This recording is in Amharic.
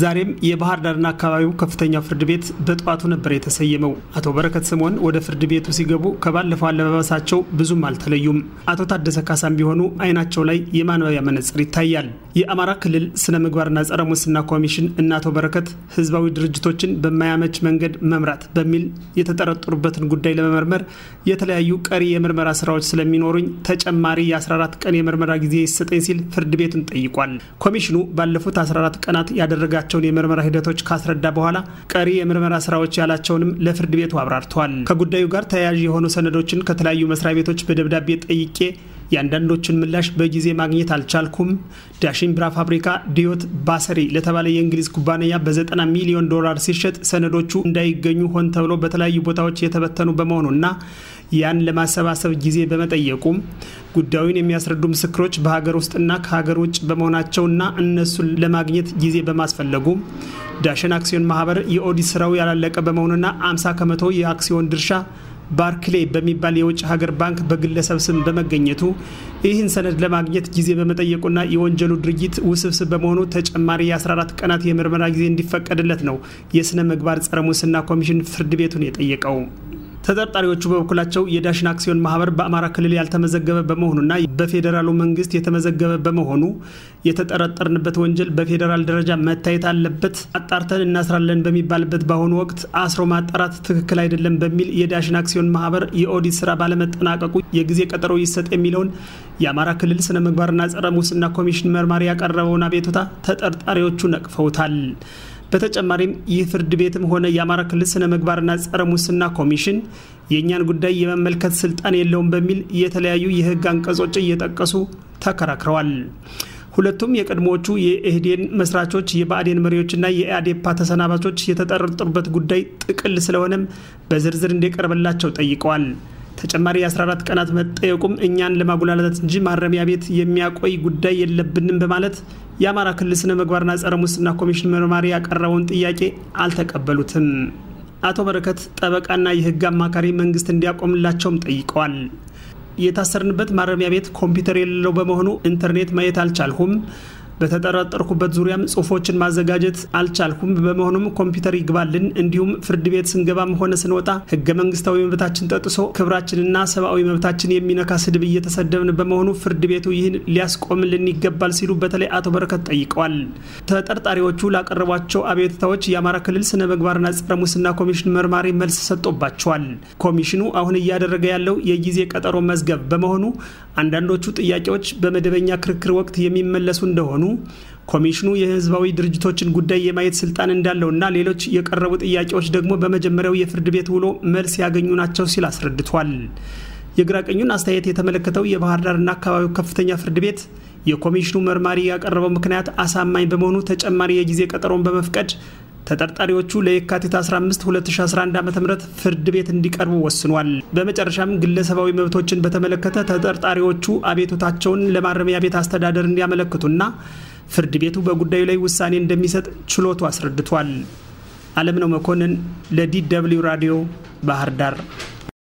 ዛሬም የባህር ዳርና አካባቢው ከፍተኛው ፍርድ ቤት በጠዋቱ ነበር የተሰየመው። አቶ በረከት ስምኦን ወደ ፍርድ ቤቱ ሲገቡ ከባለፈው አለባበሳቸው ብዙም አልተለዩም። አቶ ታደሰ ካሳም ቢሆኑ አይናቸው ላይ የማንበቢያ መነጽር ይታያል። የአማራ ክልል ስነ ምግባርና ጸረ ሙስና ኮሚሽን እና አቶ በረከት ህዝባዊ ድርጅቶችን በማያመች መንገድ መምራት በሚል የተጠረጠሩበትን ጉዳይ ለመመርመር የተለያዩ ቀሪ የምርመራ ስራዎች ስለሚኖሩኝ ተጨማሪ የ14 ቀን የምርመራ ጊዜ ይሰጠኝ ሲል ፍርድ ቤቱን ጠይቋል። ኮሚሽኑ ባለፉት 14 ቀናት ያደረጋቸው ያላቸውን የምርመራ ሂደቶች ካስረዳ በኋላ ቀሪ የምርመራ ስራዎች ያላቸውንም ለፍርድ ቤቱ አብራርተዋል። ከጉዳዩ ጋር ተያያዥ የሆኑ ሰነዶችን ከተለያዩ መስሪያ ቤቶች በደብዳቤ ጠይቄ የአንዳንዶቹን ምላሽ በጊዜ ማግኘት አልቻልኩም። ዳሽን ቢራ ፋብሪካ ዲዮት ባሰሪ ለተባለ የእንግሊዝ ኩባንያ በ90 ሚሊዮን ዶላር ሲሸጥ ሰነዶቹ እንዳይገኙ ሆን ተብሎ በተለያዩ ቦታዎች የተበተኑ በመሆኑና ያን ለማሰባሰብ ጊዜ በመጠየቁም ጉዳዩን የሚያስረዱ ምስክሮች በሀገር ውስጥና ከሀገር ውጭ በመሆናቸውና እነሱን ለማግኘት ጊዜ በማስፈለጉ ዳሸን አክሲዮን ማህበር የኦዲት ስራው ያላለቀ በመሆኑና 50 ከመቶ የአክሲዮን ድርሻ ባርክሌ በሚባል የውጭ ሀገር ባንክ በግለሰብ ስም በመገኘቱ ይህን ሰነድ ለማግኘት ጊዜ በመጠየቁና የወንጀሉ ድርጊት ውስብስብ በመሆኑ ተጨማሪ የ14 ቀናት የምርመራ ጊዜ እንዲፈቀድለት ነው የሥነ ምግባር ጸረ ሙስና ኮሚሽን ፍርድ ቤቱን የጠየቀው። ተጠርጣሪዎቹ በበኩላቸው የዳሽን አክሲዮን ማህበር በአማራ ክልል ያልተመዘገበ በመሆኑና በፌዴራሉ መንግስት የተመዘገበ በመሆኑ የተጠረጠርንበት ወንጀል በፌዴራል ደረጃ መታየት አለበት፣ አጣርተን እናስራለን በሚባልበት በአሁኑ ወቅት አስሮ ማጣራት ትክክል አይደለም በሚል የዳሽን አክሲዮን ማህበር የኦዲት ስራ ባለመጠናቀቁ የጊዜ ቀጠሮ ይሰጥ የሚለውን የአማራ ክልል ስነ ምግባርና ጸረ ሙስና ኮሚሽን መርማሪ ያቀረበውን አቤቱታ ተጠርጣሪዎቹ ነቅፈውታል። በተጨማሪም ይህ ፍርድ ቤትም ሆነ የአማራ ክልል ስነ ምግባርና ጸረ ሙስና ኮሚሽን የእኛን ጉዳይ የመመልከት ስልጣን የለውም በሚል የተለያዩ የህግ አንቀጾች እየጠቀሱ ተከራክረዋል። ሁለቱም የቀድሞዎቹ የኢህዴን መስራቾች የብአዴን መሪዎችና የኢአዴፓ ተሰናባቾች የተጠረጠሩበት ጉዳይ ጥቅል ስለሆነም በዝርዝር እንዲቀርብላቸው ጠይቀዋል። ተጨማሪ የ14 ቀናት መጠየቁም እኛን ለማጉላላት እንጂ ማረሚያ ቤት የሚያቆይ ጉዳይ የለብንም በማለት የአማራ ክልል ስነ ምግባርና ጸረ ሙስና ኮሚሽን መርማሪ ያቀረበውን ጥያቄ አልተቀበሉትም። አቶ በረከት ጠበቃና የህግ አማካሪ መንግስት እንዲያቆምላቸውም ጠይቀዋል። የታሰርንበት ማረሚያ ቤት ኮምፒውተር የሌለው በመሆኑ ኢንተርኔት ማየት አልቻልሁም በተጠረጠርኩበት ዙሪያም ጽሁፎችን ማዘጋጀት አልቻልኩም። በመሆኑም ኮምፒውተር ይግባልን። እንዲሁም ፍርድ ቤት ስንገባም ሆነ ስንወጣ ህገ መንግስታዊ መብታችን ጠጥሶ ክብራችንና ሰብአዊ መብታችን የሚነካ ስድብ እየተሰደብን በመሆኑ ፍርድ ቤቱ ይህን ሊያስቆምልን ይገባል ሲሉ በተለይ አቶ በረከት ጠይቀዋል። ተጠርጣሪዎቹ ላቀረቧቸው አቤትታዎች የአማራ ክልል ስነ ምግባርና ጸረ ሙስና ኮሚሽን መርማሪ መልስ ሰጥቶባቸዋል። ኮሚሽኑ አሁን እያደረገ ያለው የጊዜ ቀጠሮ መዝገብ በመሆኑ አንዳንዶቹ ጥያቄዎች በመደበኛ ክርክር ወቅት የሚመለሱ እንደሆኑ ኮሚሽኑ የህዝባዊ ድርጅቶችን ጉዳይ የማየት ስልጣን እንዳለው እና ሌሎች የቀረቡ ጥያቄዎች ደግሞ በመጀመሪያው የፍርድ ቤት ውሎ መልስ ያገኙ ናቸው ሲል አስረድቷል። የግራ ቀኙን አስተያየት የተመለከተው የባህር ዳርና አካባቢው ከፍተኛ ፍርድ ቤት የኮሚሽኑ መርማሪ ያቀረበው ምክንያት አሳማኝ በመሆኑ ተጨማሪ የጊዜ ቀጠሮን በመፍቀድ ተጠርጣሪዎቹ ለየካቲት 15 2011 ዓ.ም ፍርድ ቤት እንዲቀርቡ ወስኗል። በመጨረሻም ግለሰባዊ መብቶችን በተመለከተ ተጠርጣሪዎቹ አቤቱታቸውን ለማረሚያ ቤት አስተዳደር እንዲያመለክቱና ፍርድ ቤቱ በጉዳዩ ላይ ውሳኔ እንደሚሰጥ ችሎቱ አስረድቷል። አለም ነው መኮንን ለዲ ደብልዩ ራዲዮ ባህር ዳር